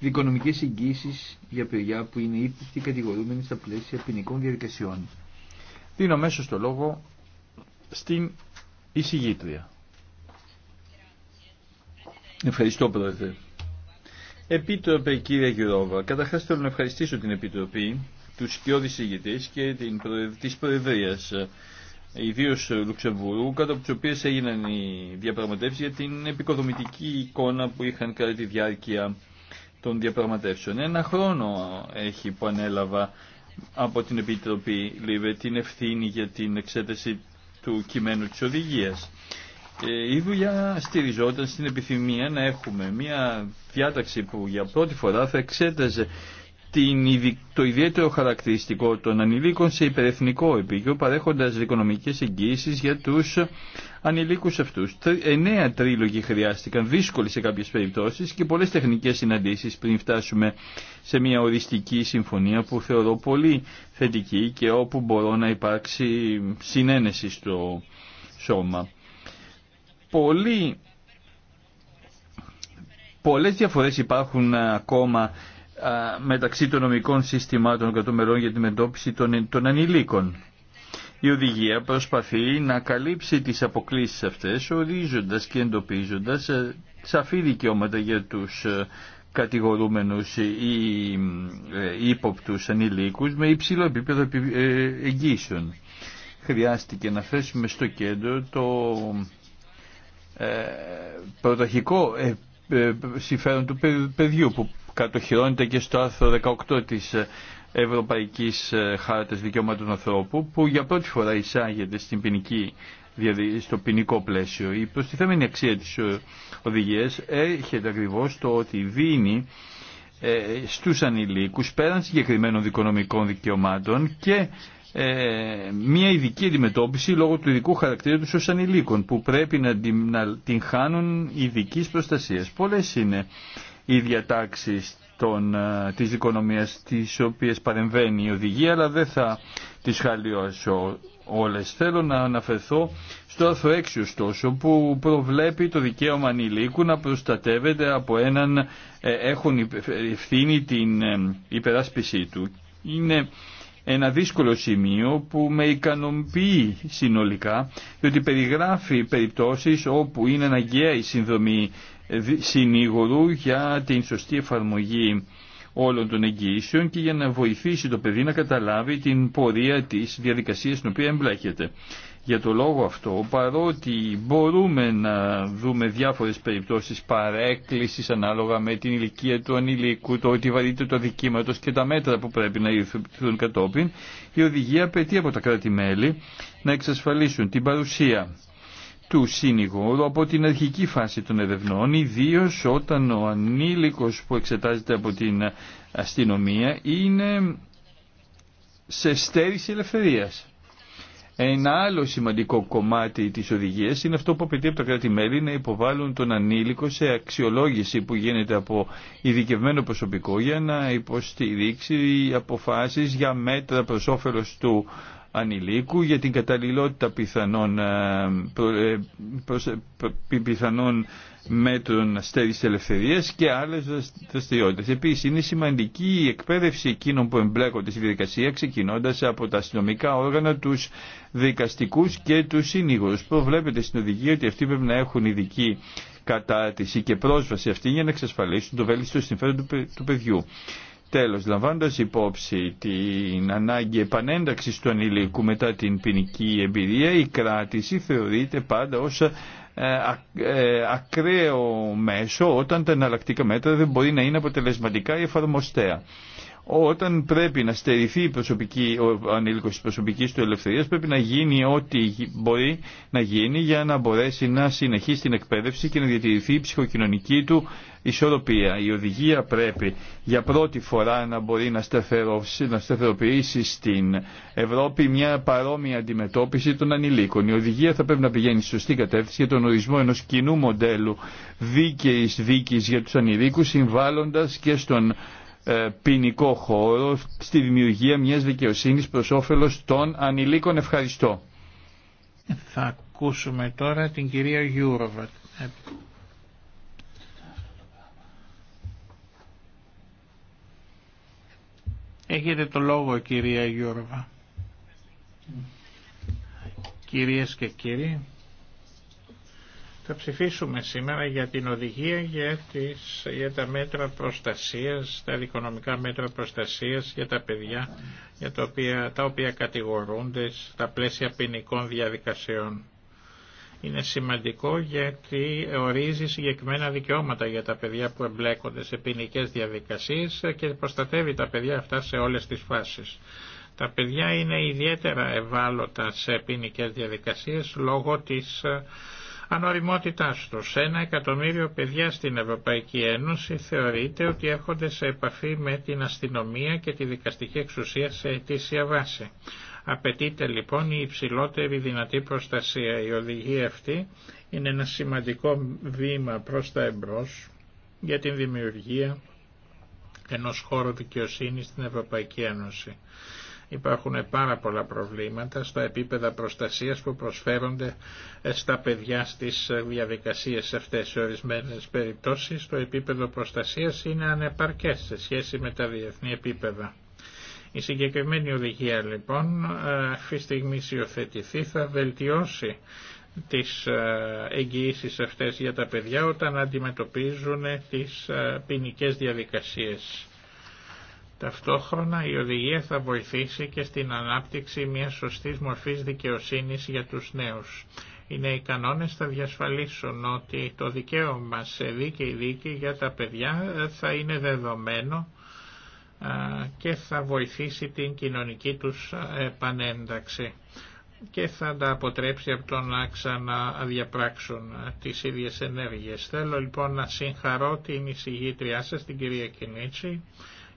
Δικονομικέ εγγύσει για παιδιά που είναι ύποπτοι κατηγορούμενοι στα πλαίσια ποινικών διαδικασιών. Δίνω αμέσω το λόγο στην εισηγήτρια. Ευχαριστώ πρόεδρε. Επίτροπε κύριε Γιουρόβα, καταρχάς θέλω να ευχαριστήσω την Επιτροπή, του Σκιώδης συγητές και τη προεδ... της Προεδρίας, ιδίως Λουξεμβουρού, κατά από τις οποίες έγιναν οι διαπραγματεύσεις για την επικοδομητική εικόνα που είχαν κατά τη διάρκεια των διαπραγματεύσεων. Ένα χρόνο έχει που ανέλαβα από την Επιτροπή Λίβε την ευθύνη για την εξέταση του κειμένου της οδηγίας. Ε, η δουλειά στηριζόταν στην επιθυμία να έχουμε μια διάταξη που για πρώτη φορά θα εξέταζε το ιδιαίτερο χαρακτηριστικό των ανηλίκων σε υπερεθνικό επίκαιο παρέχοντας οικονομικές εγγύησεις για τους ανηλίκους αυτούς. Εννέα τρίλογοι χρειάστηκαν, δύσκολοι σε κάποιες περιπτώσεις και πολλές τεχνικές συναντήσεις πριν φτάσουμε σε μια οριστική συμφωνία που θεωρώ πολύ θετική και όπου μπορώ να υπάρξει συνένεση στο σώμα. Πολύ... Πολλές διαφορές υπάρχουν ακόμα μεταξύ των νομικών συστημάτων και των για την μετώπιση των, των ανηλίκων. Η οδηγία προσπαθεί να καλύψει τις αποκλήσεις αυτές ορίζοντας και εντοπίζοντας ε, σαφή δικαιώματα για τους ε, κατηγορούμενους ή ε, ύποπτους ανηλίκους με υψηλό επίπεδο εγγύσεων. Χρειάστηκε να θέσουμε στο κέντρο το πρωταρχικό συμφέρον του παιδιού που κατοχυρώνεται και στο άρθρο 18 της ε, Ευρωπαϊκής ε, Χάρτας Δικαιωμάτων Ανθρώπου που για πρώτη φορά εισάγεται στην στο ποινικό πλαίσιο. Η προστιθέμενη αξία της ε, οδηγίας έρχεται ακριβώς το ότι δίνει στους ανηλίκους πέραν συγκεκριμένων δικονομικών δικαιωμάτων και μια ειδική αντιμετώπιση λόγω του ειδικού χαρακτήρα του ως ανηλίκων που πρέπει να την, την χάνουν ειδική προστασία. Πολλές είναι οι διατάξεις των, ε, της τι τις οποίες παρεμβαίνει η οδηγία αλλά δεν θα τις χαλιώσω όλες. Θέλω να αναφερθώ στο άρθρο 6 ωστόσο που προβλέπει το δικαίωμα ανηλίκου να προστατεύεται από έναν ε, έχουν ευθύνη την ε, υπεράσπιση του. Είναι ένα δύσκολο σημείο που με ικανοποιεί συνολικά, διότι περιγράφει περιπτώσεις όπου είναι αναγκαία η συνδρομή συνήγορου για την σωστή εφαρμογή όλων των εγγυήσεων και για να βοηθήσει το παιδί να καταλάβει την πορεία της διαδικασίας στην οποία εμπλέκεται. Για το λόγο αυτό, παρότι μπορούμε να δούμε διάφορες περιπτώσεις παρέκκλησης ανάλογα με την ηλικία του ανηλίκου, το ότι βαρύτητα το αδικήματος και τα μέτρα που πρέπει να υιοθετηθούν κατόπιν, η οδηγία απαιτεί από τα κράτη-μέλη να εξασφαλίσουν την παρουσία του συνηγόρου από την αρχική φάση των ερευνών, ιδίω όταν ο ανήλικος που εξετάζεται από την αστυνομία είναι σε στέρηση ελευθερίας. Ένα άλλο σημαντικό κομμάτι της οδηγίας είναι αυτό που απαιτεί από τα κράτη-μέλη να υποβάλουν τον ανήλικο σε αξιολόγηση που γίνεται από ειδικευμένο προσωπικό για να υποστηρίξει αποφάσεις για μέτρα προς όφελος του ανηλίκου, για την καταλληλότητα πιθανών, ε, προ, ε, ε, πιθανών μέτρων στέρης ελευθερία και άλλες δραστηριότητε. Επίσης, είναι σημαντική η εκπαίδευση εκείνων που εμπλέκονται στη διαδικασία, ξεκινώντας από τα αστυνομικά όργανα, τους δικαστικούς και τους σύνηγους. Προβλέπεται στην οδηγία ότι αυτοί πρέπει να έχουν ειδική κατάρτιση και πρόσβαση αυτή για να εξασφαλίσουν το βέλτιστο συμφέρον του παιδιού. Τέλος, λαμβάνοντας υπόψη την ανάγκη επανένταξης του ανηλίκου μετά την ποινική εμπειρία, η κράτηση θεωρείται πάντα ως ε, ε, ακραίο μέσο όταν τα εναλλακτικά μέτρα δεν μπορεί να είναι αποτελεσματικά ή εφαρμοστέα. Όταν πρέπει να στερηθεί η προσωπική, ο ανήλικος της προσωπικής του ελευθερίας πρέπει να γίνει ό,τι μπορεί να γίνει για να μπορέσει να συνεχίσει την εκπαίδευση και να διατηρηθεί η ψυχοκοινωνική του ισορροπία. Η οδηγία πρέπει για πρώτη φορά να μπορεί να, να σταθεροποιήσει στην Ευρώπη μια παρόμοια αντιμετώπιση των ανηλίκων. Η οδηγία θα πρέπει να πηγαίνει στη σωστή κατεύθυνση για τον ορισμό ενός κοινού μοντέλου δίκαιης δίκης για τους ανηλίκους συμβάλλοντας και στον ε, ποινικό χώρο στη δημιουργία μιας δικαιοσύνης προς όφελος των ανηλίκων. Ευχαριστώ. Θα ακούσουμε τώρα την κυρία Γιούροβα. Έχετε το λόγο κυρία Γιώργα. Κυρίες και κύριοι, θα ψηφίσουμε σήμερα για την οδηγία για, τις, για τα μέτρα προστασίας, τα δικονομικά μέτρα προστασίας για τα παιδιά για τα οποία, τα οποία κατηγορούνται στα πλαίσια ποινικών διαδικασιών είναι σημαντικό γιατί ορίζει συγκεκριμένα δικαιώματα για τα παιδιά που εμπλέκονται σε ποινικέ διαδικασίες και προστατεύει τα παιδιά αυτά σε όλες τις φάσεις. Τα παιδιά είναι ιδιαίτερα ευάλωτα σε ποινικέ διαδικασίες λόγω της ε, ανοριμότητάς του Ένα εκατομμύριο παιδιά στην Ευρωπαϊκή Ένωση θεωρείται ότι έρχονται σε επαφή με την αστυνομία και τη δικαστική εξουσία σε αιτήσια βάση. Απαιτείται λοιπόν η υψηλότερη δυνατή προστασία. Η οδηγία αυτή είναι ένα σημαντικό βήμα προς τα εμπρός για την δημιουργία ενός χώρου δικαιοσύνης στην Ευρωπαϊκή Ένωση. Υπάρχουν πάρα πολλά προβλήματα στα επίπεδα προστασίας που προσφέρονται ε, στα παιδιά στις ε, διαδικασίες αυτές. Σε ορισμένες περιπτώσεις το επίπεδο προστασίας είναι ανεπαρκές σε σχέση με τα διεθνή επίπεδα. Η συγκεκριμένη οδηγία λοιπόν αυτή τη στιγμή υιοθετηθεί θα βελτιώσει τις ε, εγγυήσεις αυτές για τα παιδιά όταν αντιμετωπίζουν τις ε, ποινικέ διαδικασίες. Ταυτόχρονα η οδηγία θα βοηθήσει και στην ανάπτυξη μιας σωστής μορφής δικαιοσύνης για τους νέους. Οι νέοι κανόνες θα διασφαλίσουν ότι το δικαίωμα σε δίκαιη δίκη για τα παιδιά θα είναι δεδομένο και θα βοηθήσει την κοινωνική τους επανένταξη και θα τα αποτρέψει από το να ξαναδιαπράξουν τις ίδιες ενέργειες. Θέλω λοιπόν να συγχαρώ την εισηγήτριά σας, την κυρία Κινίτσι,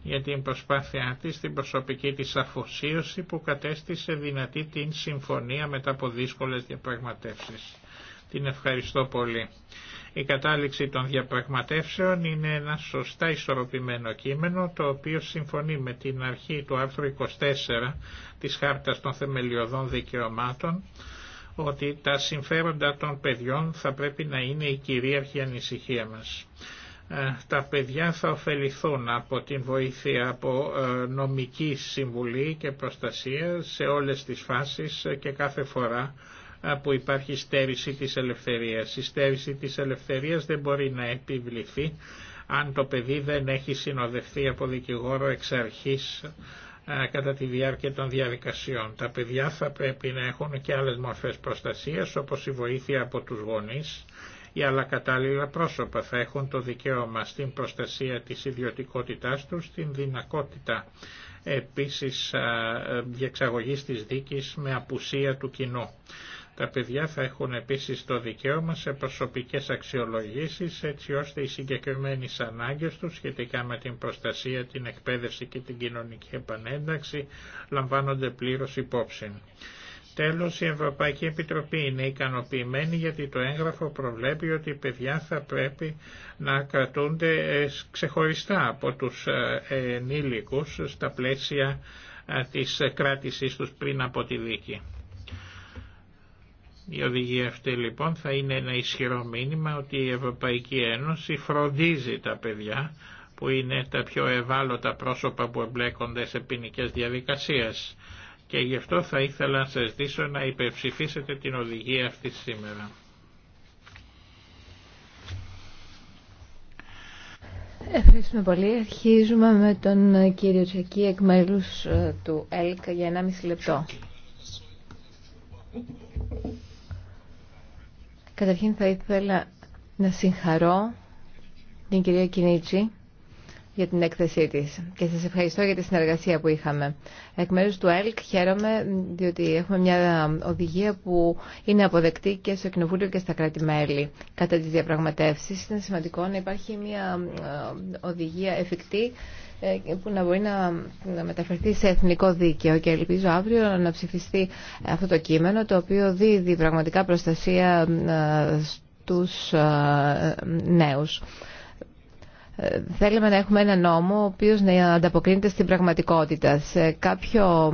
για την προσπάθειά της στην προσωπική της αφοσίωση που κατέστησε δυνατή την συμφωνία μετά από δύσκολες διαπραγματεύσεις. Την ευχαριστώ πολύ. Η κατάληξη των διαπραγματεύσεων είναι ένα σωστά ισορροπημένο κείμενο το οποίο συμφωνεί με την αρχή του άρθρου 24 της Χάρτας των Θεμελιωδών Δικαιωμάτων ότι τα συμφέροντα των παιδιών θα πρέπει να είναι η κυρίαρχη ανησυχία μας. Ε, τα παιδιά θα ωφεληθούν από την βοήθεια από ε, νομική συμβουλή και προστασία σε όλες τις φάσεις ε, και κάθε φορά που υπάρχει στέρηση της ελευθερίας. Η στέρηση της ελευθερίας δεν μπορεί να επιβληθεί αν το παιδί δεν έχει συνοδευτεί από δικηγόρο εξ αρχής κατά τη διάρκεια των διαδικασιών. Τα παιδιά θα πρέπει να έχουν και άλλες μορφές προστασίας όπως η βοήθεια από τους γονείς οι άλλα κατάλληλα πρόσωπα θα έχουν το δικαίωμα στην προστασία της ιδιωτικότητάς τους, στην δυνακότητα επίσης διεξαγωγής της δίκης με απουσία του κοινού. Τα παιδιά θα έχουν επίσης το δικαίωμα σε προσωπικές αξιολογήσεις έτσι ώστε οι συγκεκριμένες ανάγκες τους σχετικά με την προστασία, την εκπαίδευση και την κοινωνική επανένταξη λαμβάνονται πλήρως υπόψη. Τέλος, η Ευρωπαϊκή Επιτροπή είναι ικανοποιημένη γιατί το έγγραφο προβλέπει ότι οι παιδιά θα πρέπει να κρατούνται ε, ξεχωριστά από τους ε, ενήλικους στα πλαίσια ε, της κράτησής τους πριν από τη δίκη. Η οδηγία αυτή λοιπόν θα είναι ένα ισχυρό μήνυμα ότι η Ευρωπαϊκή Ένωση φροντίζει τα παιδιά που είναι τα πιο ευάλωτα πρόσωπα που εμπλέκονται σε ποινικέ διαδικασίες και γι' αυτό θα ήθελα να σας δείσω να υπερψηφίσετε την οδηγία αυτή σήμερα. Ευχαριστούμε πολύ. Αρχίζουμε με τον κύριο Τσακή εκ μέρους ε, του ΕΛΚ για 1,5 λεπτό. Καταρχήν θα ήθελα να συγχαρώ την κυρία Κινίτσι για την έκθεσή τη. και σα ευχαριστώ για τη συνεργασία που είχαμε. Εκ μέρου του ΕΛΚ χαίρομαι διότι έχουμε μια οδηγία που είναι αποδεκτή και στο Κοινοβούλιο και στα κράτη-μέλη. Κατά τις διαπραγματεύσει. είναι σημαντικό να υπάρχει μια ε, οδηγία εφικτή ε, που να μπορεί να μεταφερθεί σε εθνικό δίκαιο και ελπίζω αύριο να ψηφιστεί αυτό το κείμενο το οποίο δίδει πραγματικά προστασία ε, στους νέους. Θέλουμε να έχουμε ένα νόμο ο οποίος να ανταποκρίνεται στην πραγματικότητα. Σε κάποιο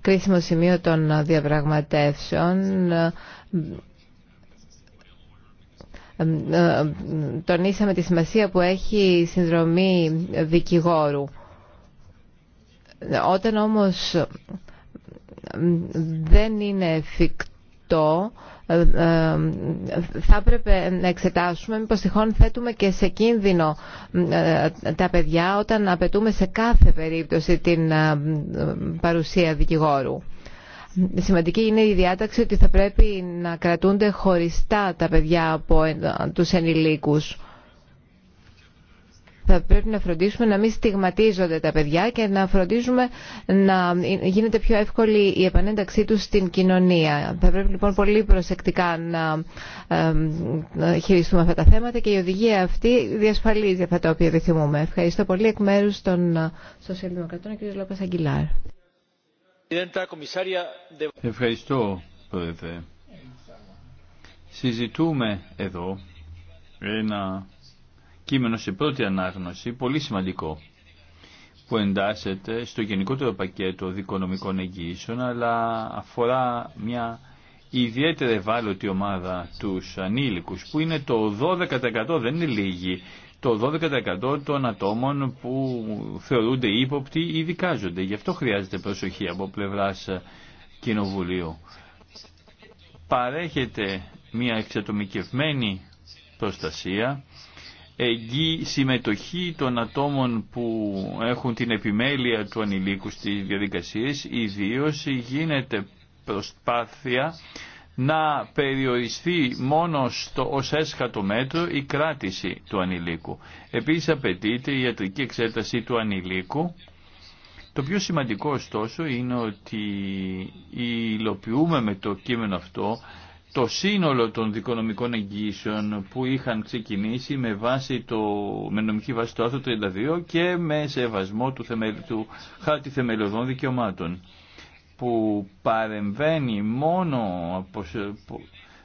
κρίσιμο σημείο των διαπραγματεύσεων τονίσαμε τη σημασία που έχει η συνδρομή δικηγόρου. Όταν όμως δεν είναι εφικτό αυτό ε, ε, θα έπρεπε να εξετάσουμε μήπως τυχόν θέτουμε και σε κίνδυνο ε, τα παιδιά όταν απαιτούμε σε κάθε περίπτωση την παρουσία δικηγόρου. Σημαντική είναι η διάταξη ότι θα πρέπει να κρατούνται χωριστά τα παιδιά από τους ενηλίκους θα πρέπει να φροντίσουμε να μην στιγματίζονται τα παιδιά και να φροντίζουμε να γίνεται πιο εύκολη η επανένταξή τους στην κοινωνία. Θα πρέπει λοιπόν πολύ προσεκτικά να χειριστούμε αυτά τα θέματα και η οδηγία αυτή διασφαλίζει αυτά τα οποία επιθυμούμε. Ευχαριστώ πολύ εκ μέρου των Σοσιαλδημοκρατών, κ. Λόπε Αγγιλάρ. Ευχαριστώ, Πρόεδρε. Συζητούμε εδώ ένα κείμενο σε πρώτη ανάγνωση πολύ σημαντικό που εντάσσεται στο γενικότερο πακέτο δικονομικών εγγύησεων αλλά αφορά μια ιδιαίτερα ευάλωτη ομάδα τους ανήλικους που είναι το 12% δεν είναι λίγοι το 12% των ατόμων που θεωρούνται ύποπτοι ή δικάζονται. Γι' αυτό χρειάζεται προσοχή από πλευράς Κοινοβουλίου. Παρέχεται μια εξατομικευμένη προστασία εγί συμμετοχή των ατόμων που έχουν την επιμέλεια του ανηλίκου στις διαδικασίες, ιδίως γίνεται προσπάθεια να περιοριστεί μόνο στο ως έσχατο μέτρο η κράτηση του ανηλίκου. Επίσης απαιτείται η ιατρική εξέταση του ανηλίκου. Το πιο σημαντικό ωστόσο είναι ότι υλοποιούμε με το κείμενο αυτό το σύνολο των δικονομικών εγγύσεων που είχαν ξεκινήσει με, βάση το, με νομική βάση το άρθρο 32 και με σεβασμό του, του χάρτη θεμελιωδών δικαιωμάτων που παρεμβαίνει μόνο από,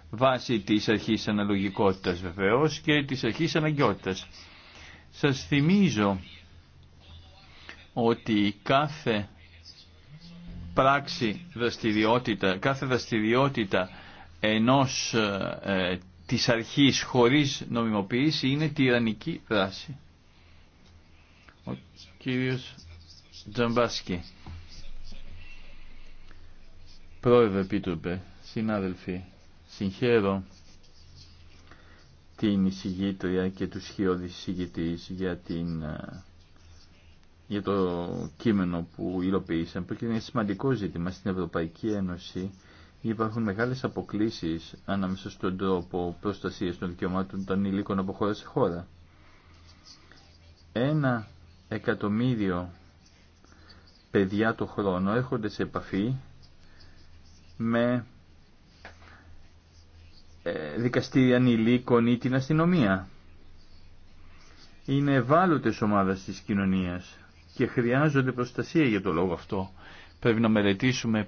βάση της αρχής αναλογικότητας βεβαίως και της αρχής αναγκαιότητας. Σας θυμίζω ότι κάθε πράξη δραστηριότητα, κάθε δραστηριότητα ενός ε, της αρχής χωρίς νομιμοποίηση είναι τυραννική δράση. Ο κύριος Τζαμπάσκι. Πρόεδρε Επίτροπε, συνάδελφοι, συγχαίρω την εισηγήτρια και τους χειώδη εισηγητής για, την, ε, για το κείμενο που υλοποιήσαμε, που είναι σημαντικό ζήτημα στην Ευρωπαϊκή Ένωση υπάρχουν μεγάλες αποκλίσεις ανάμεσα στον τρόπο προστασίας των δικαιωμάτων των υλίκων από χώρα σε χώρα. Ένα εκατομμύριο παιδιά το χρόνο έρχονται σε επαφή με ε, δικαστήρια ανηλίκων ή την αστυνομία. Είναι ευάλωτες ομάδες της κοινωνίας και χρειάζονται προστασία για το λόγο αυτό. Πρέπει να μελετήσουμε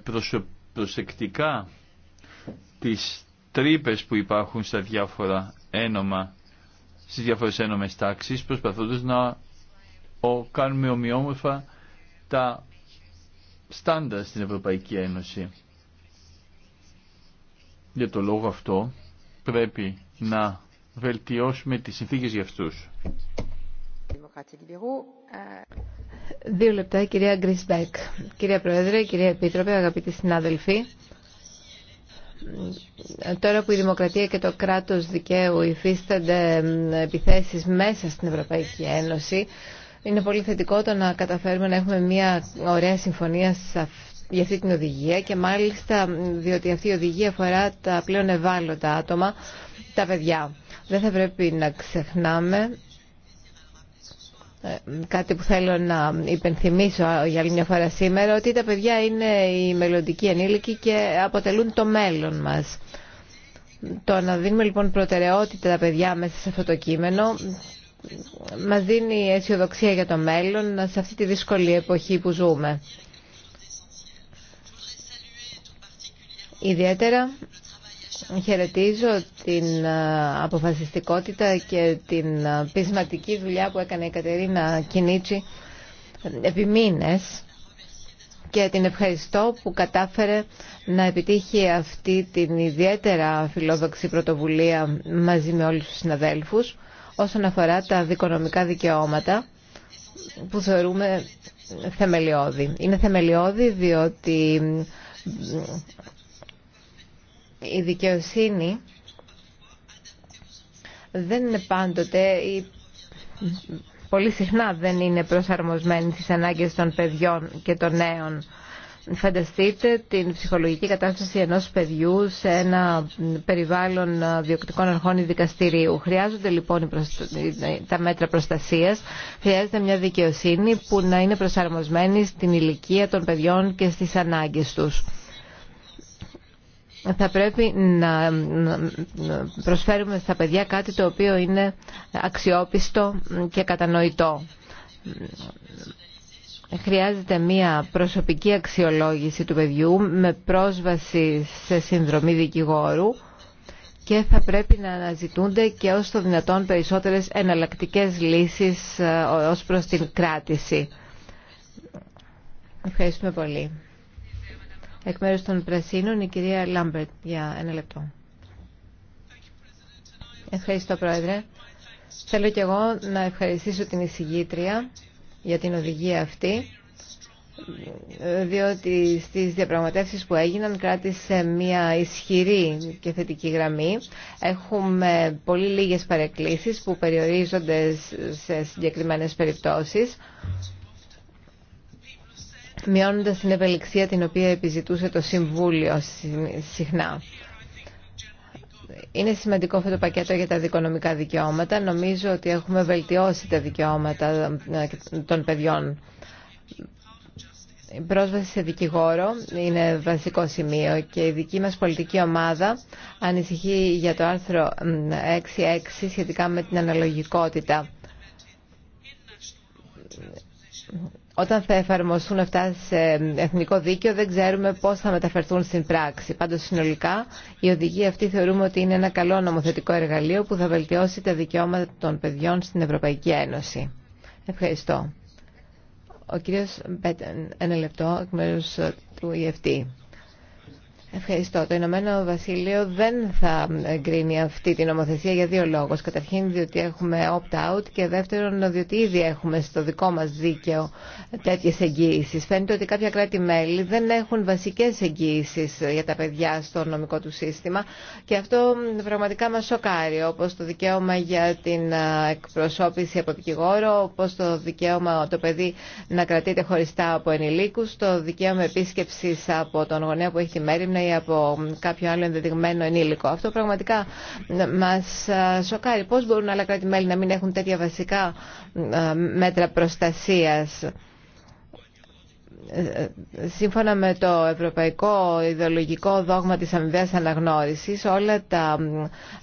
προσεκτικά τις τρύπες που υπάρχουν στα διάφορα ένομα, στις διάφορες ένωμες τάξεις, προσπαθώντας να ο, κάνουμε ομοιόμορφα τα στάντα στην Ευρωπαϊκή Ένωση. Για το λόγο αυτό πρέπει να βελτιώσουμε τις συνθήκες για αυτούς. Δύο λεπτά, κυρία Γκρισμπέκ. Κυρία Πρόεδρε, κυρία Επίτροπε, αγαπητοί συνάδελφοι. Τώρα που η δημοκρατία και το κράτος δικαίου υφίστανται επιθέσεις μέσα στην Ευρωπαϊκή Ένωση, είναι πολύ θετικό το να καταφέρουμε να έχουμε μια ωραία συμφωνία για αυτή την οδηγία και μάλιστα διότι αυτή η οδηγία αφορά τα πλέον ευάλωτα άτομα, τα παιδιά. Δεν θα πρέπει να ξεχνάμε ε, κάτι που θέλω να υπενθυμίσω για άλλη μια φορά σήμερα, ότι τα παιδιά είναι η μελλοντικοί ενήλικοι και αποτελούν το μέλλον μας. Το να δίνουμε λοιπόν προτεραιότητα τα παιδιά μέσα σε αυτό το κείμενο μας δίνει αισιοδοξία για το μέλλον σε αυτή τη δύσκολη εποχή που ζούμε. Ιδιαίτερα Χαιρετίζω την ε, αποφασιστικότητα και την ε, πεισματική δουλειά που έκανε η Κατερίνα Κινίτσι επί μήνες και την ευχαριστώ που κατάφερε να επιτύχει αυτή την ιδιαίτερα φιλόδοξη πρωτοβουλία μαζί με όλους τους συναδέλφους όσον αφορά τα δικονομικά δικαιώματα που θεωρούμε θεμελιώδη. Είναι θεμελιώδη διότι η δικαιοσύνη δεν είναι πάντοτε ή πολύ συχνά δεν είναι προσαρμοσμένη στις ανάγκες των παιδιών και των νέων. Φανταστείτε την ψυχολογική κατάσταση ενός παιδιού σε ένα περιβάλλον διοκτικών αρχών ή δικαστηρίου. Χρειάζονται λοιπόν τα μέτρα προστασίας, χρειάζεται μια δικαιοσύνη που να είναι προσαρμοσμένη στην ηλικία των παιδιών και στις ανάγκες τους θα πρέπει να προσφέρουμε στα παιδιά κάτι το οποίο είναι αξιόπιστο και κατανοητό. Χρειάζεται μία προσωπική αξιολόγηση του παιδιού με πρόσβαση σε συνδρομή δικηγόρου και θα πρέπει να αναζητούνται και ως το δυνατόν περισσότερες εναλλακτικές λύσεις ε, ως προς την κράτηση. Ευχαριστούμε πολύ. Εκ μέρους των Πρεσίνων η κυρία Λάμπερτ, για ένα λεπτό. Ευχαριστώ, Πρόεδρε. Θέλω και εγώ να ευχαριστήσω την εισηγήτρια για την οδηγία αυτή, διότι στις διαπραγματεύσεις που έγιναν κράτησε μια ισχυρή και θετική γραμμή. Έχουμε πολύ λίγες παρεκκλήσεις που περιορίζονται σε συγκεκριμένες περιπτώσεις μειώνοντας την ευελιξία την οποία επιζητούσε το Συμβούλιο συχνά. Είναι σημαντικό αυτό το πακέτο για τα δικονομικά δικαιώματα. Νομίζω ότι έχουμε βελτιώσει τα δικαιώματα ε, των παιδιών. Η πρόσβαση σε δικηγόρο είναι βασικό σημείο και η δική μας πολιτική ομάδα ανησυχεί για το άρθρο 6.6 σχετικά με την αναλογικότητα όταν θα εφαρμοστούν αυτά σε εθνικό δίκαιο δεν ξέρουμε πώς θα μεταφερθούν στην πράξη. Πάντω συνολικά η οδηγία αυτή θεωρούμε ότι είναι ένα καλό νομοθετικό εργαλείο που θα βελτιώσει τα δικαιώματα των παιδιών στην Ευρωπαϊκή Ένωση. Ευχαριστώ. Ο κύριος Μπέτεν, ένα λεπτό, εκ μέρους του EFT. Ευχαριστώ. Το Ηνωμένο Βασίλειο δεν θα εγκρίνει αυτή την νομοθεσία για δύο λόγους. Καταρχήν διότι έχουμε opt-out και δεύτερον διότι ήδη έχουμε στο δικό μας δίκαιο τέτοιες εγγύησεις. Φαίνεται ότι κάποια κράτη-μέλη δεν έχουν βασικές εγγύησεις για τα παιδιά στο νομικό του σύστημα και αυτό πραγματικά μας σοκάρει όπως το δικαίωμα για την εκπροσώπηση από δικηγόρο, όπως το δικαίωμα το παιδί να κρατείται χωριστά από ενηλίκους, το δικαίωμα επίσκεψης από τον γονέα που έχει τη από κάποιο άλλο ενδεδειγμένο ενήλικο. Αυτό πραγματικά μας ε, σοκάρει. Πώς μπορούν άλλα κράτη-μέλη να μην έχουν τέτοια βασικά ε, μέτρα προστασίας. Ε, ε, σύμφωνα με το ευρωπαϊκό ιδεολογικό δόγμα της αμοιβαίας αναγνώρισης όλα τα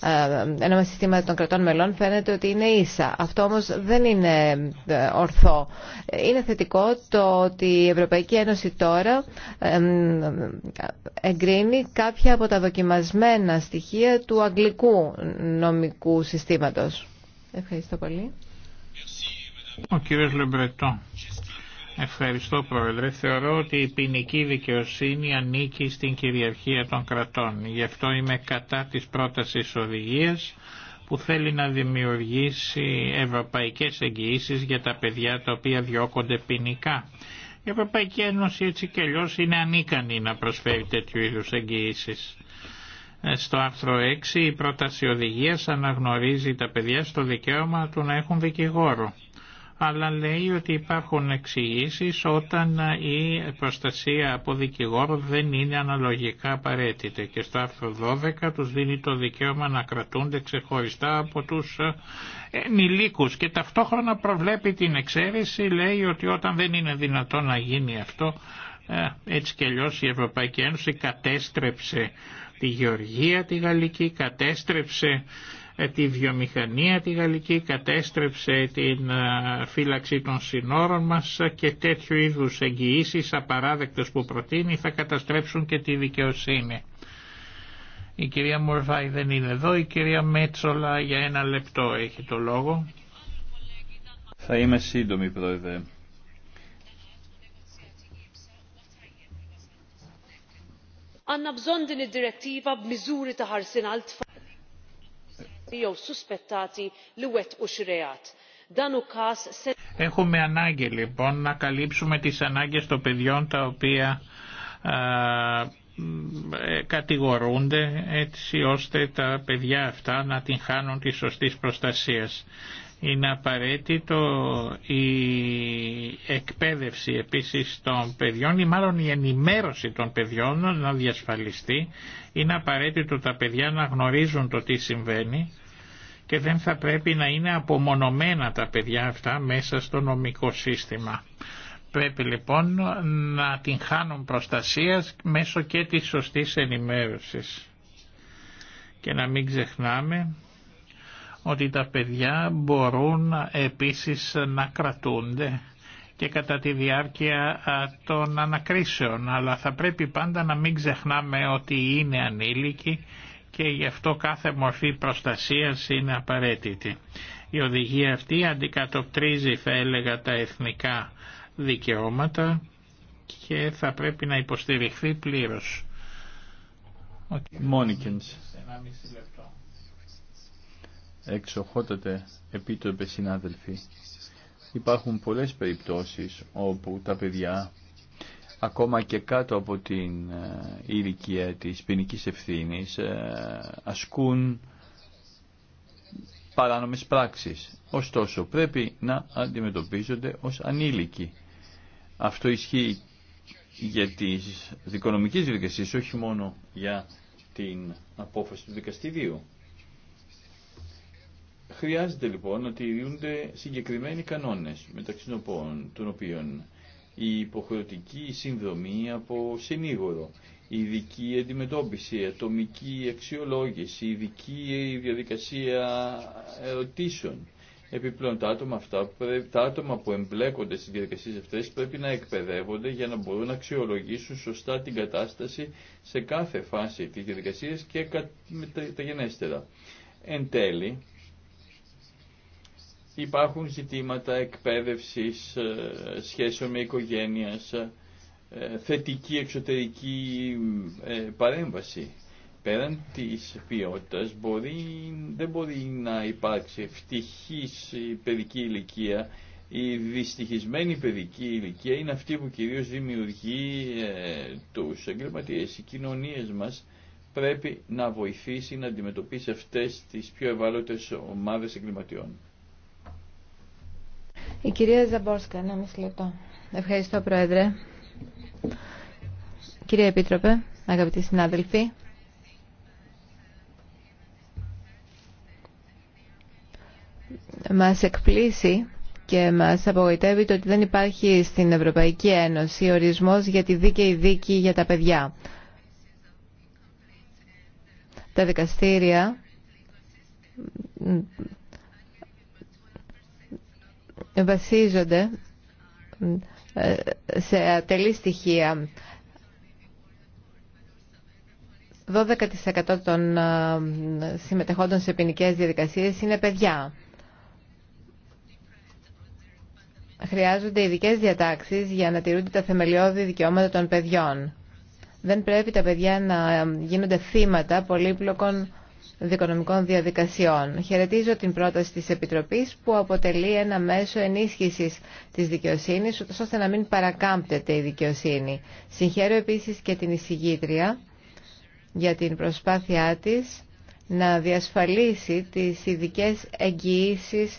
ε, ένωμα συστήματα των κρατών μελών φαίνεται ότι είναι ίσα. Αυτό όμως δεν είναι ορθό. Είναι θετικό το ότι η Ευρωπαϊκή Ένωση τώρα εγκρίνει κάποια από τα δοκιμασμένα στοιχεία του αγγλικού νομικού συστήματος. Ευχαριστώ πολύ. Ο κύριος Λεμπρετό. Ευχαριστώ Πρόεδρε. Θεωρώ ότι η ποινική δικαιοσύνη ανήκει στην κυριαρχία των κρατών. Γι' αυτό είμαι κατά της πρότασης οδηγίας που θέλει να δημιουργήσει ευρωπαϊκές εγγυήσεις για τα παιδιά τα οποία διώκονται ποινικά. Η Ευρωπαϊκή Ένωση έτσι και αλλιώ είναι ανίκανη να προσφέρει τέτοιου είδους εγγυήσεις. Ε, στο άρθρο 6 η πρόταση οδηγίας αναγνωρίζει τα παιδιά στο δικαίωμα του να έχουν δικηγόρο αλλά λέει ότι υπάρχουν εξηγήσει όταν η προστασία από δικηγόρο δεν είναι αναλογικά απαραίτητη και στο άρθρο 12 τους δίνει το δικαίωμα να κρατούνται ξεχωριστά από τους ε, ενηλίκους και ταυτόχρονα προβλέπει την εξαίρεση, λέει ότι όταν δεν είναι δυνατό να γίνει αυτό ε, έτσι κι αλλιώς η Ευρωπαϊκή Ένωση κατέστρεψε τη Γεωργία, τη Γαλλική, κατέστρεψε ε, τη βιομηχανία τη γαλλική, κατέστρεψε την ε, φύλαξη των συνόρων μας και τέτοιου είδους εγγυήσεις απαράδεκτος που προτείνει θα καταστρέψουν και τη δικαιοσύνη. Η κυρία Μορβάη δεν είναι εδώ, η κυρία Μέτσολα για ένα λεπτό έχει το λόγο. Θα είμαι σύντομη πρόεδρε. Έχουμε ανάγκη λοιπόν να καλύψουμε τις ανάγκες των παιδιών τα οποία ε, κατηγορούνται έτσι ώστε τα παιδιά αυτά να την χάνουν τη σωστή προστασίας. Είναι απαραίτητο η εκπαίδευση επίσης των παιδιών ή μάλλον η ενημέρωση των παιδιών να διασφαλιστεί. Είναι απαραίτητο τα παιδιά να γνωρίζουν το τι συμβαίνει και δεν θα πρέπει να είναι απομονωμένα τα παιδιά αυτά μέσα στο νομικό σύστημα. Πρέπει λοιπόν να την χάνουν προστασίας μέσω και της σωστής ενημέρωσης. Και να μην ξεχνάμε ότι τα παιδιά μπορούν επίσης να κρατούνται και κατά τη διάρκεια των ανακρίσεων, αλλά θα πρέπει πάντα να μην ξεχνάμε ότι είναι ανήλικοι και γι' αυτό κάθε μορφή προστασίας είναι απαραίτητη. Η οδηγία αυτή αντικατοπτρίζει θα έλεγα τα εθνικά δικαιώματα και θα πρέπει να υποστηριχθεί πλήρως. Μόνικενς. Εξοχότατε επίτροπε συνάδελφοι. Υπάρχουν πολλές περιπτώσεις όπου τα παιδιά ακόμα και κάτω από την ε, ηλικία της ποινική ευθύνη ε, ασκούν παράνομες πράξεις. Ωστόσο πρέπει να αντιμετωπίζονται ως ανήλικοι. Αυτό ισχύει για τις δικονομικές διαδικασίες, όχι μόνο για την απόφαση του δικαστηρίου. Χρειάζεται λοιπόν να τηρούνται συγκεκριμένοι κανόνες μεταξύ των οποίων η υποχρεωτική συνδρομή από συνήγορο, η ειδική αντιμετώπιση, ατομική αξιολόγηση, η ειδική διαδικασία ερωτήσεων. Επιπλέον τα άτομα, αυτά, τα άτομα που εμπλέκονται στις διαδικασίες αυτές πρέπει να εκπαιδεύονται για να μπορούν να αξιολογήσουν σωστά την κατάσταση σε κάθε φάση της διαδικασίας και τα γενέστερα. Εν τέλει, Υπάρχουν ζητήματα εκπαίδευσης, ε, σχέσεων με οικογένειας, ε, θετική εξωτερική ε, παρέμβαση. Πέραν της ποιότητας μπορεί, δεν μπορεί να υπάρξει ευτυχής παιδική ηλικία. Η δυστυχισμένη παιδική ηλικία είναι αυτή που κυρίως δημιουργεί τους εγκληματίες. Οι κοινωνίες μας πρέπει να βοηθήσει να αντιμετωπίσει αυτές τις πιο ευάλωτες ομάδες εγκληματιών. Η κυρία Ζαμπόρσκα, ένα μισή λεπτό. Ευχαριστώ, Πρόεδρε. Κυρία Επίτροπε, αγαπητοί συνάδελφοι, μας εκπλήσει και μας απογοητεύει το ότι δεν υπάρχει στην Ευρωπαϊκή Ένωση ορισμός για τη δίκαιη δίκη για τα παιδιά. Τα δικαστήρια βασίζονται ε, σε ατελή στοιχεία. 12% των ε, συμμετεχόντων σε ποινικέ διαδικασίες είναι παιδιά. Χρειάζονται ειδικέ διατάξεις για να τηρούνται τα θεμελιώδη δικαιώματα των παιδιών. Δεν πρέπει τα παιδιά να ε, γίνονται θύματα πολύπλοκων δικονομικών διαδικασιών. Χαιρετίζω την πρόταση της Επιτροπής που αποτελεί ένα μέσο ενίσχυσης της δικαιοσύνης, ώστε να μην παρακάμπτεται η δικαιοσύνη. Συγχαίρω επίσης και την εισηγήτρια για την προσπάθειά της να διασφαλίσει τις ειδικέ εγγυήσει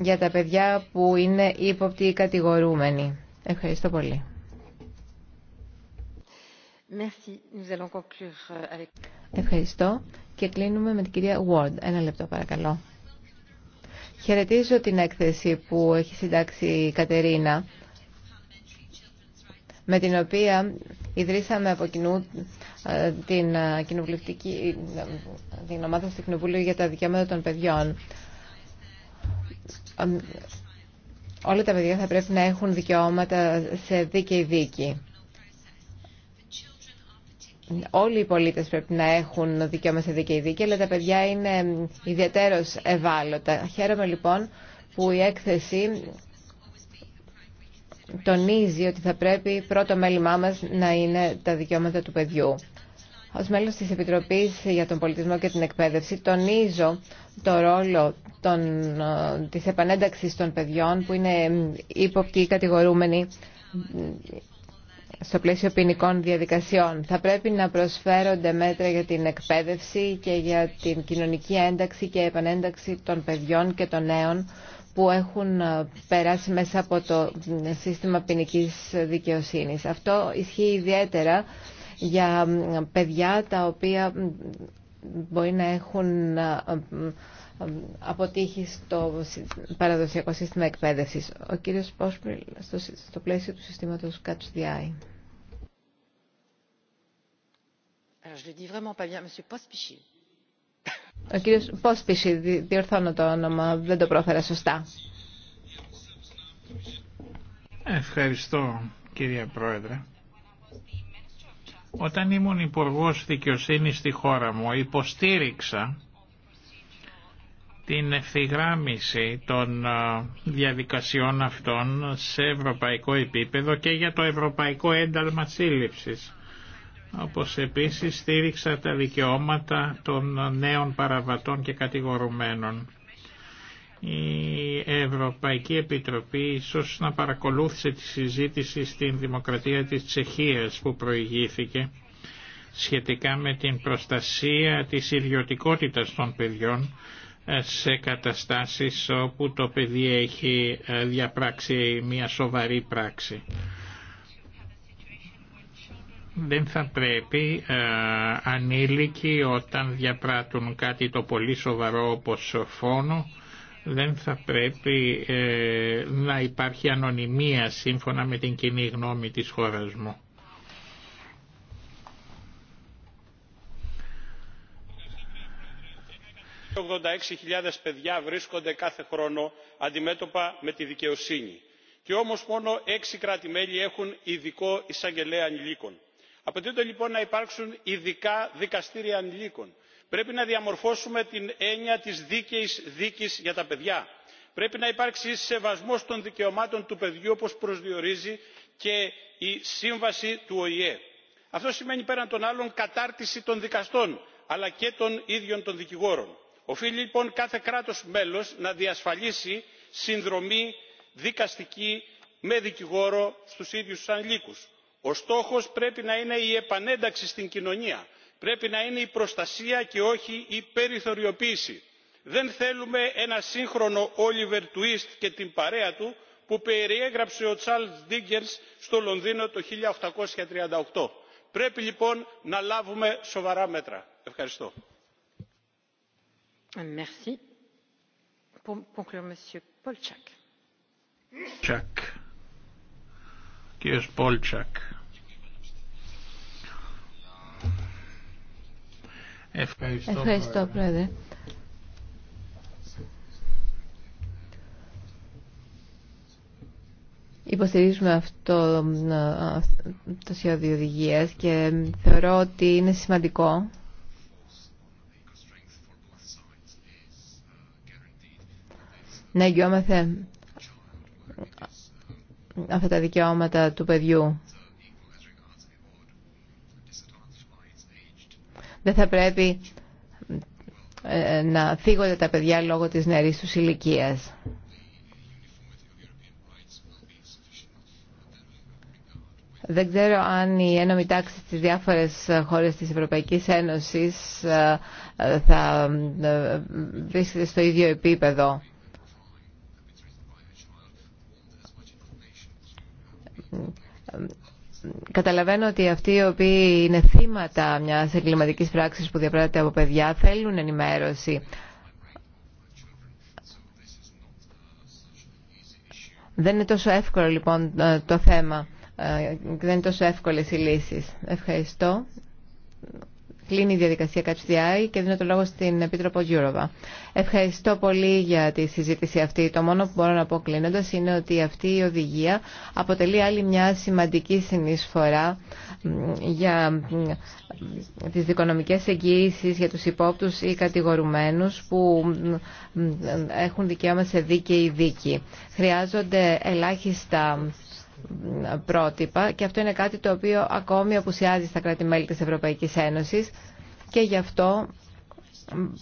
για τα παιδιά που είναι ύποπτοι ή κατηγορούμενοι. Ευχαριστώ πολύ. Merci. Nous allons conclure avec... Ευχαριστώ και κλείνουμε με την κυρία Ward. Ένα λεπτό παρακαλώ. Χαιρετίζω την έκθεση που έχει συντάξει η Κατερίνα με την οποία ιδρύσαμε από κοινού ε, την, ε, κοινοβουλευτική, την ομάδα στο Κοινοβούλιο για τα δικαιώματα των παιδιών. Ε, όλα τα παιδιά θα πρέπει να έχουν δικαιώματα σε δίκαιη δίκη όλοι οι πολίτες πρέπει να έχουν δικαίωμα σε δίκαιη αλλά τα παιδιά είναι ιδιαίτερω ευάλωτα. Χαίρομαι λοιπόν που η έκθεση τονίζει ότι θα πρέπει πρώτο μέλημά μα να είναι τα δικαιώματα του παιδιού. Ω μέλο τη επιτροπή για τον Πολιτισμό και την Εκπαίδευση τονίζω το ρόλο τη της επανένταξης των παιδιών που είναι ύποπτοι ή κατηγορούμενοι στο πλαίσιο ποινικών διαδικασιών. Θα πρέπει να προσφέρονται μέτρα για την εκπαίδευση και για την κοινωνική ένταξη και επανένταξη των παιδιών και των νέων που έχουν ε, περάσει μέσα από το ε, σύστημα ποινική δικαιοσύνης. Αυτό ισχύει ιδιαίτερα για ε, παιδιά τα οποία μπορεί να έχουν αποτύχει στο παραδοσιακό σύστημα εκπαίδευσης. Ο κύριος Πόσπριλ στο, πλαίσιο του συστήματος Catch the Ο κύριος Πόσπιση, διορθώνω το όνομα, δεν το πρόφερα σωστά. Ευχαριστώ κυρία Πρόεδρε. Όταν ήμουν υπουργό δικαιοσύνη στη χώρα μου υποστήριξα την ευθυγράμμιση των ε, διαδικασιών αυτών σε ευρωπαϊκό επίπεδο και για το ευρωπαϊκό ένταλμα σύλληψης. Όπως επίσης στήριξα τα δικαιώματα των νέων παραβατών και κατηγορουμένων. Η Ευρωπαϊκή Επιτροπή ίσως να παρακολούθησε τη συζήτηση στην Δημοκρατία της Τσεχίας που προηγήθηκε σχετικά με την προστασία της ιδιωτικότητας των παιδιών σε καταστάσεις όπου το παιδί έχει ε, διαπράξει μια σοβαρή πράξη. Δεν θα πρέπει ε, ανήλικοι όταν διαπράττουν κάτι το πολύ σοβαρό όπως φόνο δεν θα πρέπει ε, να υπάρχει ανωνυμία σύμφωνα με την κοινή γνώμη της χώρας μου. ογδόντα έξι παιδιά βρίσκονται κάθε χρόνο αντιμέτωπα με τη δικαιοσύνη και όμως μόνο έξι κράτη μέλη έχουν ειδικό εισαγγελέα ανηλίκων. απαιτείται λοιπόν να υπάρξουν ειδικά δικαστήρια ανηλίκων. πρέπει να διαμορφώσουμε την έννοια της δίκαιης δίκης για τα παιδιά. πρέπει να υπάρξει σεβασμός των δικαιωμάτων του παιδιού όπως προσδιορίζει και η σύμβαση του οηε. αυτό σημαίνει πέραν των άλλων κατάρτιση των δικαστών αλλά και των ίδιων των δικηγόρων οφείλει λοιπόν κάθε κράτος μέλος να διασφαλίσει συνδρομή δικαστική με δικηγόρο στους ίδιους τους ανηλίκους. ο στόχος πρέπει να είναι η επανένταξη στην κοινωνία πρέπει να είναι η προστασία και όχι η περιθωριοποίηση. δεν θέλουμε ένα σύγχρονο όλιβερ τουίστ και την παρέα του που περιέγραψε ο τσαρλς ντίγκενς στο λονδίνο το. 1838. πρέπει λοιπόν να λάβουμε σοβαρά μέτρα. ευχαριστώ. Ευχαριστώ, Ευχαριστώ πρόεδρε. Υποστηρίζουμε αυτό το σχέδιο οδηγία και θεωρώ ότι είναι σημαντικό να εγγυόμαστε αυτά τα δικαιώματα του παιδιού. Δεν θα πρέπει ε, να θίγονται τα παιδιά λόγω της νεαρής τους ηλικίας. Δεν ξέρω αν η ένωμη τάξη στις διάφορες χώρες της Ευρωπαϊκής Ένωσης ε, ε, θα βρίσκεται στο ίδιο επίπεδο. Καταλαβαίνω ότι αυτοί οι οποίοι είναι θύματα μιας εγκληματικής πράξης που διαπράττεται από παιδιά θέλουν ενημέρωση. Δεν είναι τόσο εύκολο λοιπόν το θέμα. Ε, δεν είναι τόσο εύκολες οι λύσεις. Ευχαριστώ κλείνει η διαδικασία ΚΑΤΣΔΙ και δίνω το λόγο στην Επίτροπο Γιούροβα. Ευχαριστώ πολύ για τη συζήτηση αυτή. Το μόνο που μπορώ να πω κλείνοντα είναι ότι αυτή η οδηγία αποτελεί άλλη μια σημαντική συνεισφορά για τις δικονομικές εγγύησεις για τους υπόπτους ή κατηγορουμένους που έχουν δικαίωμα σε δίκαιη δίκη. Χρειάζονται ελάχιστα πρότυπα και αυτό είναι κάτι το οποίο ακόμη απουσιάζει στα κράτη-μέλη της Ευρωπαϊκής Ένωσης και γι' αυτό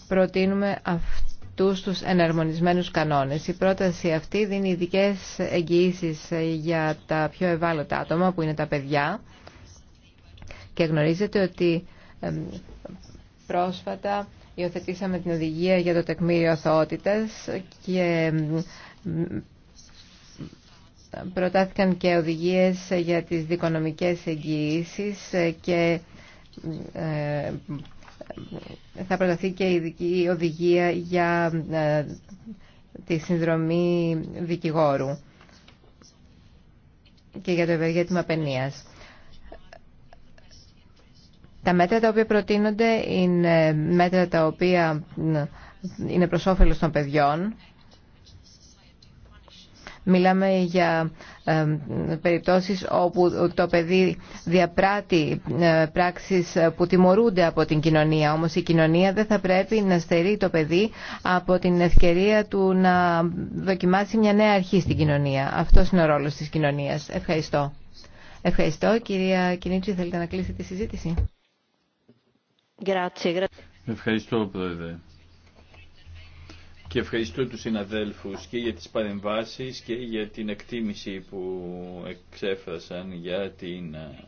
προτείνουμε αυτούς τους εναρμονισμένους κανόνες. Η πρόταση αυτή δίνει ειδικέ εγγυήσεις για τα πιο ευάλωτα άτομα που είναι τα παιδιά και γνωρίζετε ότι πρόσφατα υιοθετήσαμε την οδηγία για το τεκμήριο αθωότητας και προτάθηκαν και οδηγίες για τις δικονομικές εγγυήσεις και ε, θα προταθεί και η ειδική οδηγία για ε, τη συνδρομή δικηγόρου και για το ευεργέτημα παινίας. Τα μέτρα τα οποία προτείνονται είναι μέτρα τα οποία είναι προς όφελος των παιδιών Μιλάμε για ε, περιπτώσεις όπου το παιδί διαπράττει ε, πράξεις ε, που τιμωρούνται από την κοινωνία. Όμως η κοινωνία δεν θα πρέπει να στερεί το παιδί από την ευκαιρία του να δοκιμάσει μια νέα αρχή στην κοινωνία. Αυτός είναι ο ρόλος της κοινωνίας. Ευχαριστώ. Ευχαριστώ. Κυρία Κινίτσι, θέλετε να κλείσετε τη συζήτηση. Ευχαριστώ, Πρόεδρε και ευχαριστώ τους συναδέλφους και για τις παρεμβάσεις και για την εκτίμηση που εξέφρασαν για την ε,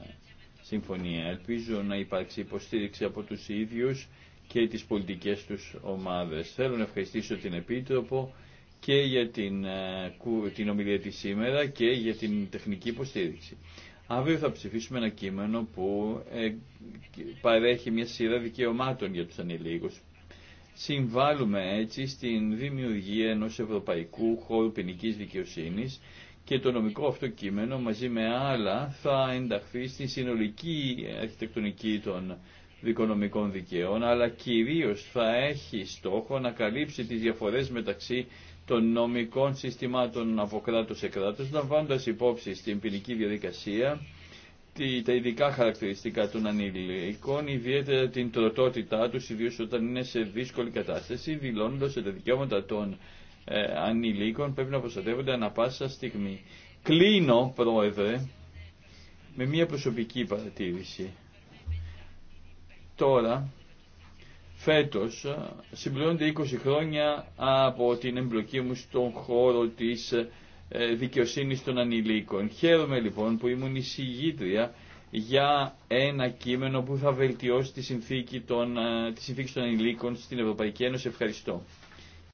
συμφωνία. Ελπίζω να υπάρξει υποστήριξη από τους ίδιους και τις πολιτικές τους ομάδες. Θέλω να ευχαριστήσω την Επίτροπο και για την, ε, την ομιλία της σήμερα και για την τεχνική υποστήριξη. Αύριο θα ψηφίσουμε ένα κείμενο που ε, παρέχει μια σειρά δικαιωμάτων για τους ανηλίκους συμβάλλουμε έτσι στην δημιουργία ενός ευρωπαϊκού χώρου ποινική δικαιοσύνης και το νομικό αυτό κείμενο μαζί με άλλα θα ενταχθεί στην συνολική αρχιτεκτονική των δικονομικών δικαίων, αλλά κυρίως θα έχει στόχο να καλύψει τις διαφορές μεταξύ των νομικών συστημάτων από κράτος σε κράτος, λαμβάνοντας υπόψη στην ποινική διαδικασία τα ειδικά χαρακτηριστικά των ανηλίκων, ιδιαίτερα την τροτότητά τους, ιδίως όταν είναι σε δύσκολη κατάσταση, δηλώνοντας ότι τα δικαιώματα των ε, ανηλίκων πρέπει να προστατεύονται ανα πάσα στιγμή. Κλείνω, Πρόεδρε, με μια προσωπική παρατήρηση. Τώρα, φέτος, συμπληρώνονται 20 χρόνια από την εμπλοκή μου στον χώρο της ε, δικαιοσύνη των ανηλίκων. Χαίρομαι λοιπόν που ήμουν εισηγήτρια για ένα κείμενο που θα βελτιώσει τη συνθήκη των, ε, τη συνθήκη των ανηλίκων στην Ευρωπαϊκή Ένωση. Ευχαριστώ.